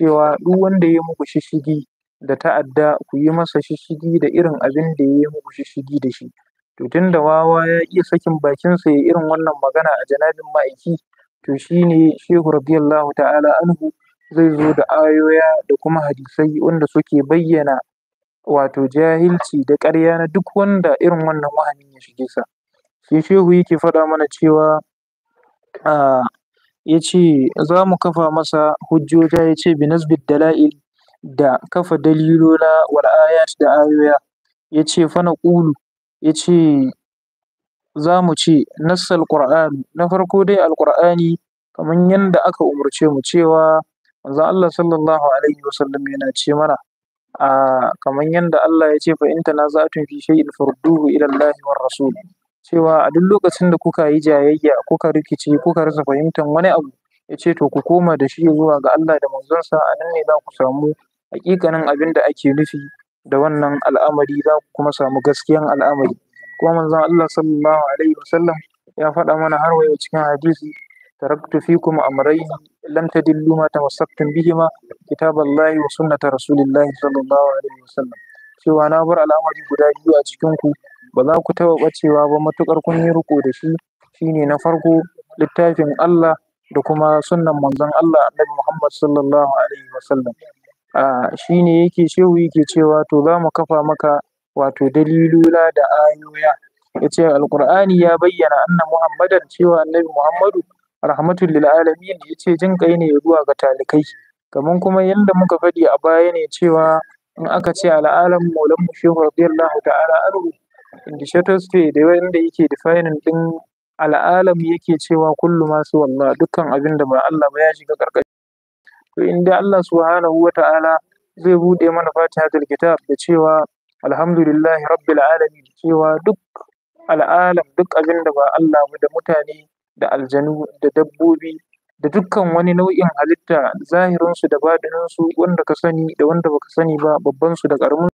cewa duk wanda ya muku shishigi da ta'adda ku yi masa shishigi da irin abin da ya yi muku shishigi da shi to tunda wawa ya iya sakin bakinsa ya irin wannan magana a janabin ma'aiki to shi ne shehu radiyallahu ta'ala anhu zai zo da ayoya da kuma hadisai wanda suke bayyana wato jahilci da ƙarya na duk wanda irin wannan wahamin ya shige sa shi shehu yake faɗa mana cewa a. Ah, ya ce za mu kafa masa hujjoja ya ce binasbid dala'il da kafa dalilona wal ayat da ayoya ya ce fana ƙulu ya ce za mu ce nassal na farko dai alƙur'ani kamar yadda aka umarce mu cewa manzon Allah sallallahu alaihi wasallam yana ce mana a kamar yadda Allah yace ce fa in tanaza'tum fi shay'in farduhu ila Allah war rasul cewa a duk lokacin da kuka yi jayayya, kuka rikice, kuka rasa fahimtar wani abu, ya ce to ku koma da shi zuwa ga Allah da manzonsa, a nan ne za ku samu haƙiƙanin abin da ake nufi da wannan al'amari, za ku kuma samu gaskiyan al'amari. Kuma manzon Allah sallallahu alaihi wasallam ya faɗa mana har wa cikin hadisi taraktu fikum amrayn lam tadillu ma tamassaktum bihima kitaballahi wa sunnata rasulillahi sallallahu alaihi wasallam cewa na bar al'amari guda biyu a cikin ku ba za ku taɓa ɓacewa ba matuƙar kun yi riƙo da shi shine na farko littafin Allah da kuma sunnan manzon Allah Annabi Muhammad sallallahu alaihi wasallam shine yake shehu yake cewa to za mu kafa maka wato dalilula da ayoya yace alqur'ani ya bayyana anna muhammadan cewa annabi muhammadu rahmatul lil alamin yace jin kai ne zuwa ga talikai Kamar kuma yadda muka faɗi a baya ne cewa in aka ce al'alam maulan mu shehu radiyallahu ta'ala anhu indicators theory da wanda yake defining din al'alam yake cewa kullu ma su wallah dukkan abin da ba Allah ba ya shiga karkashi to in dai Allah subhanahu wata'ala zai bude mana fatihatul kitab da cewa alhamdulillahi rabbil alamin cewa duk al'alam duk abin da ba Allah ba da mutane da aljanu da dabbobi da dukkan wani nau'in halitta zahirinsu da badaninsu wanda ka sani da wanda baka sani ba babbansu da ƙaramin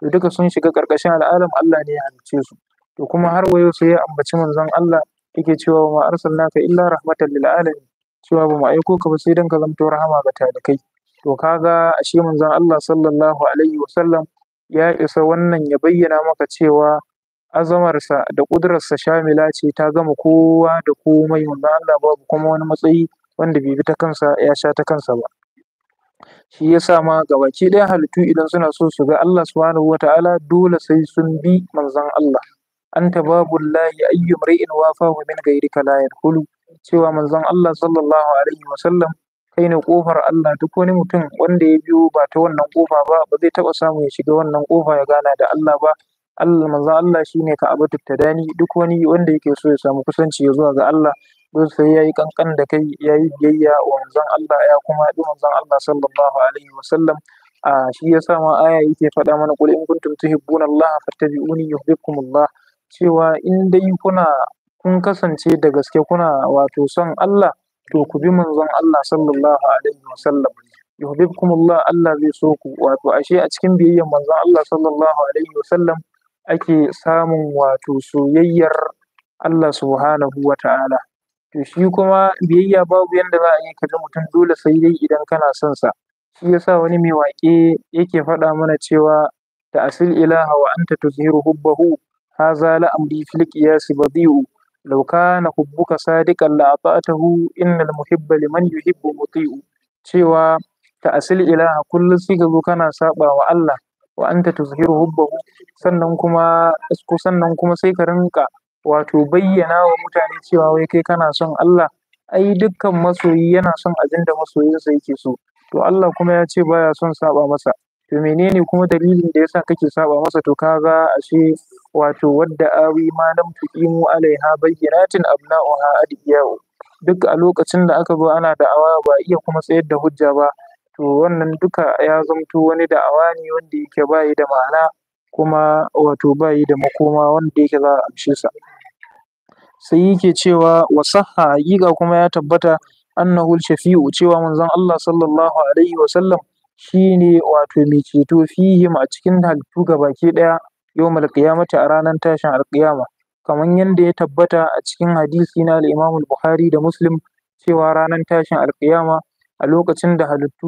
to duka sun shiga ƙarƙashin al'alam Allah ne ya halicce su to kuma har wayo sai ya ambaci manzon Allah yake cewa ma arsalnaka illa rahmatan lil alamin cewa ba mu aiko ka ba sai dan ka zamto rahama ga talikai to kaga ashe manzon Allah sallallahu alaihi wasallam ya isa wannan ya bayyana maka cewa azamarsa da ƙudurarsa shamila ce ta gama kowa da komai manzon Allah babu kuma wani matsayi wanda bai bi ta kansa ya sha ta kansa ba shi yasa ma gabaki ɗaya halittu idan suna so su ga Allah subhanahu wata'ala dole sai sun bi manzon Allah anta babu lahi ayyu mar'in wafahu min ghayrika la yadkhulu cewa manzon Allah sallallahu alaihi wasallam kai ne kofar Allah duk wani mutum wanda ya biyo ba ta wannan kofa ba ba zai taba samu ya shiga wannan kofa ya gana da Allah ba Allah manzon Allah shine ka abu tattadani duk wani wanda yake so ya samu kusanci ya zuwa ga Allah sai yayi kankan da kai yayi biyayya wa manzon Allah ya kuma yi manzon Allah sallallahu alaihi wasallam a shi yasa ma aya yake faɗa mana qul in kuntum tuhibbuna Allah fattabi'uni Allah cewa in dai kuna kun kasance da gaske kuna wato son Allah to ku bi manzon Allah sallallahu alaihi wasallam yuhibbukumullah Allah zai so ku wato ashe a cikin biyayyar manzon Allah sallallahu alaihi wasallam ake samun wato soyayyar Allah subhanahu wa ta'ala to shi kuma biyayya babu yanda za a yi kaji mutum dole sai dai idan kana son sa shi yasa wani mai waƙe yake faɗa mana cewa asil ilaha wa anta tuzhiru hubbahu hadha la amri fil qiyas badi'u law kana hubbuka sadiqan la ata'tahu innal muhibba liman yuhibbu muti'u cewa ta asil ilaha kullum sai ka zo kana saba wa Allah wa anta tuzhiru hubbahu sannan kuma sannan kuma sai ka rinka wato bayyana wa mutane cewa wai kai kana son Allah ai dukkan masoyi yana son abin da masoyinsa yake so to Allah kuma ya ce baya son saba masa to menene kuma dalilin da yasa kake saba masa to kaga ashe wato wadda awi ma lam tuqimu alaiha bayyinatin abna'uha adiyahu duk a lokacin da aka zo ana da'awa ba iya kuma tsayar da hujja ba to wannan duka ya zamto wani da'awa ne wanda yake bayi da ma'ana kuma wato bayi da makoma wanda yake za a amshe sa sai yake cewa wa sahha haƙiƙa kuma ya tabbata annahu shafi'u cewa manzon Allah sallallahu alaihi wa sallam shine wato mai ceto fihim a cikin halittu gabaki ɗaya yawmal qiyamati a ranar tashin alƙiyama kamar yadda ya tabbata a cikin hadisi na al-Imam al-Bukhari da Muslim cewa ranar tashin alƙiyama a lokacin da halittu